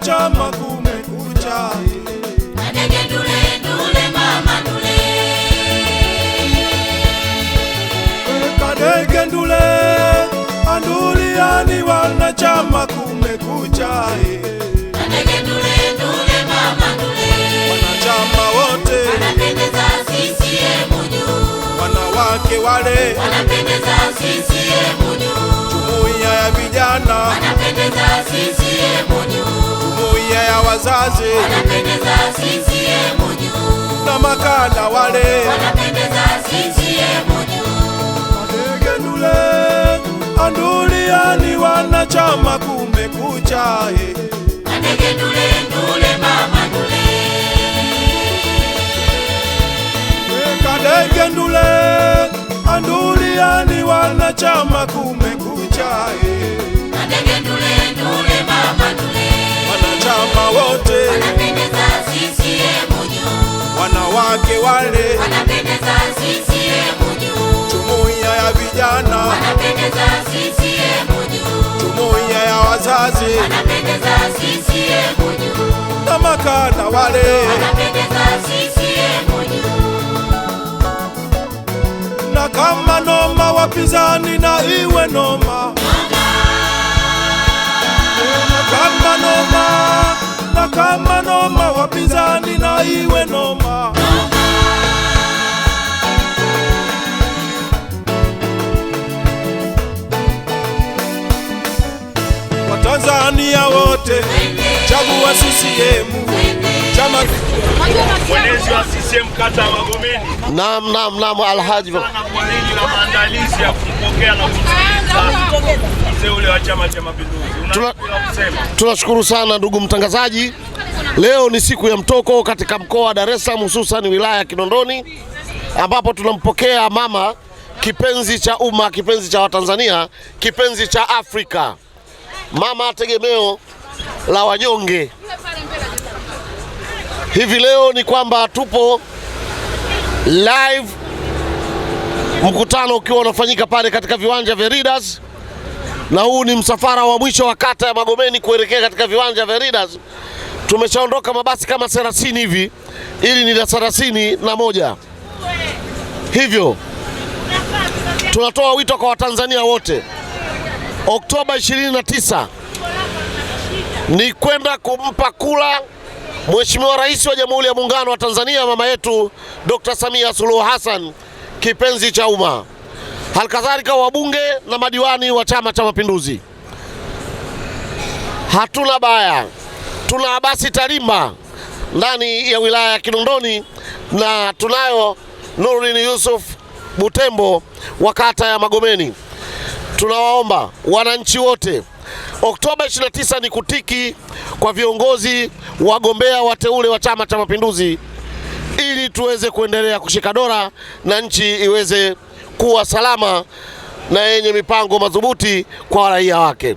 Chama kumekucha, Kadeje ndule ndule mama ndule, Kadeje ndule anduliani wana chama kumekucha, Kadeje ndule ndule mama ndule, wanachama wote wanapendeza CCM juu, wanawake wale wanapendeza CCM juu, jumuiya ya vijana wanapendeza CCM juu jumuiya ya wazazi wanapendeza CCM chama na makada wale wanapendeza anduliani wanachama kumekucha Kadege anduliani wanachama wale wanapendeza CCM juu, jumuiya ya vijana wanapendeza CCM juu, jumuiya ya wazazi wanapendeza CCM juu, na makada wale wanapendeza CCM juu, na kama noma wapizani na iwe noma kama noma na kama noma wapizani na iwe noma amani wote. Chagua CCM. Chama mwenezi wa CCM kata Magomeni. Naam, naam, naam Alhaji. na maandalizi ya kumpokea na kumsikiliza mzee wa Chama cha Mapinduzi? Tunashukuru sana ndugu mtangazaji. Leo ni siku ya mtoko katika mkoa wa Dar es Salaam hususan wilaya ya Kinondoni ambapo tunampokea mama kipenzi cha umma, kipenzi cha Watanzania, kipenzi cha Afrika mama tegemeo la wanyonge. Hivi leo ni kwamba tupo live, mkutano ukiwa unafanyika pale katika viwanja vya Leaders, na huu ni msafara wa mwisho wa kata ya Magomeni kuelekea katika viwanja vya Leaders. Tumeshaondoka mabasi kama 30 hivi, ili ni la 30 na moja. Hivyo tunatoa wito kwa Watanzania wote Oktoba 29 ni kwenda kumpa kula Mheshimiwa Rais wa Jamhuri ya Muungano wa Tanzania, mama yetu Dr. Samia Suluhu Hassan, kipenzi cha umma, halikadhalika wabunge na madiwani wa Chama cha Mapinduzi. Hatuna baya, tuna basi talima ndani ya wilaya ya Kinondoni na tunayo Nurdin Yusuf Butembo wa kata ya Magomeni tunawaomba wananchi wote, Oktoba 29 ni kutiki kwa viongozi wagombea wateule wa Chama cha Mapinduzi, ili tuweze kuendelea kushika dola na nchi iweze kuwa salama na yenye mipango madhubuti kwa raia wake.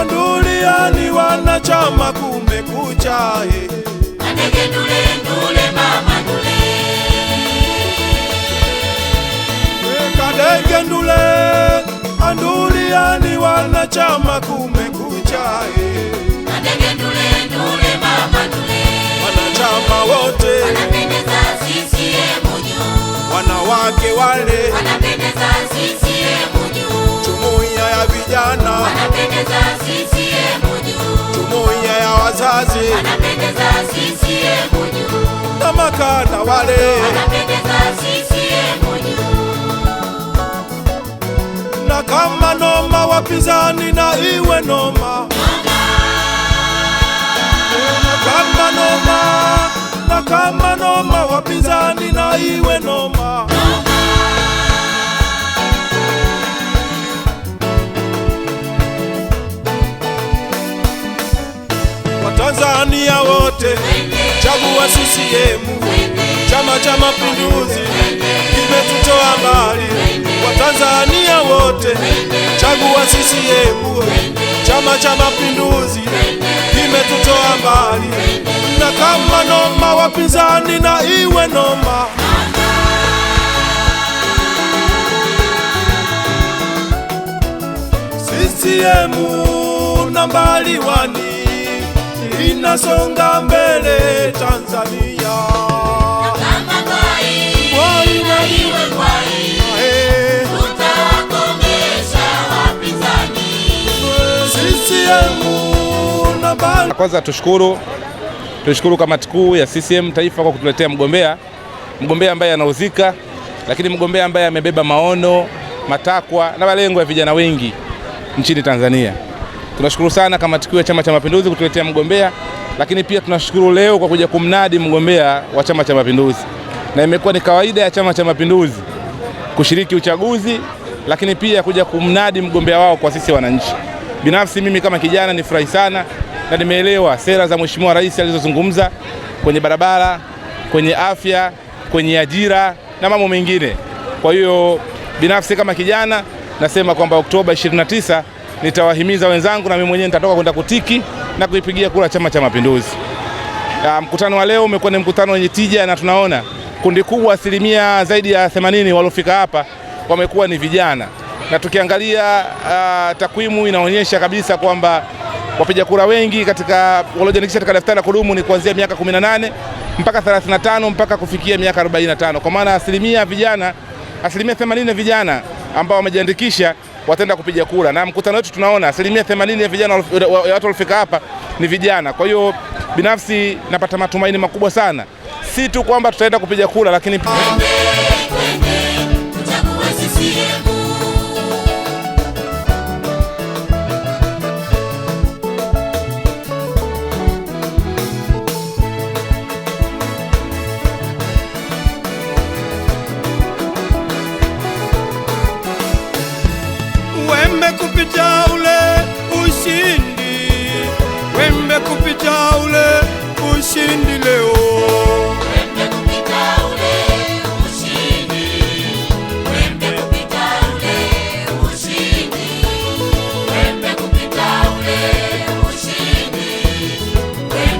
wa Nduliani wanachama, kumekucha he. Eh. Andege ndule ndule mama ndule, eh, kadege ndule Anduliani wanachama, kumekucha he. Eh. Andege ndule ndule mama ndule, wanachama wote wanapendeza CCM, wanawake wale wana Anapendeza Jumuiya ya wazazi. Anapendeza CCM juu. Na makada wale. Na kama noma wapinzani na iwe noma. kama noma, na kama noma wapinzani na iwe noma. wa CCM, Chama cha Mapinduzi kimetutoa mbali, Watanzania wote. Chagua CCM, Chama cha Mapinduzi kimetutoa mbali, na kama noma wapinzani na iwe noma CCM nambali wani inasonga mbele Tanzania. Kwanza tushukuru tushukuru kamati kuu ya CCM taifa kwa kutuletea mgombea mgombea ambaye anauzika, lakini mgombea ambaye amebeba maono, matakwa na malengo ya vijana wengi nchini Tanzania. Tunashukuru sana kamati kuu ya Chama cha Mapinduzi kutuletea mgombea, lakini pia tunashukuru leo kwa kuja kumnadi mgombea wa Chama cha Mapinduzi, na imekuwa ni kawaida ya Chama cha Mapinduzi kushiriki uchaguzi, lakini pia kuja kumnadi mgombea wao kwa sisi wananchi. Binafsi mimi kama kijana ni furahi sana na nimeelewa sera za Mheshimiwa Rais alizozungumza kwenye barabara, kwenye afya, kwenye ajira na mambo mengine. Kwa hiyo binafsi kama kijana nasema kwamba Oktoba 29 nitawahimiza wenzangu na mimi mwenyewe nitatoka kwenda kutiki na kuipigia kura Chama cha Mapinduzi. Ah, mkutano wa leo umekuwa ni mkutano wenye tija na tunaona kundi kubwa, asilimia zaidi ya 80 waliofika hapa wamekuwa ni vijana, na tukiangalia uh, takwimu inaonyesha kabisa kwamba wapiga kura wengi katika waliojiandikisha katika daftari la kudumu ni kuanzia miaka 18 mpaka 35 mpaka kufikia miaka 45, kwa maana asilimia vijana asilimia 80 vijana ambao wamejiandikisha wataenda kupiga kura, na mkutano wetu tunaona asilimia 80 ya vijana ya watu waliofika hapa ni vijana. Kwa hiyo binafsi napata matumaini makubwa sana, si tu kwamba tutaenda kupiga kura, lakini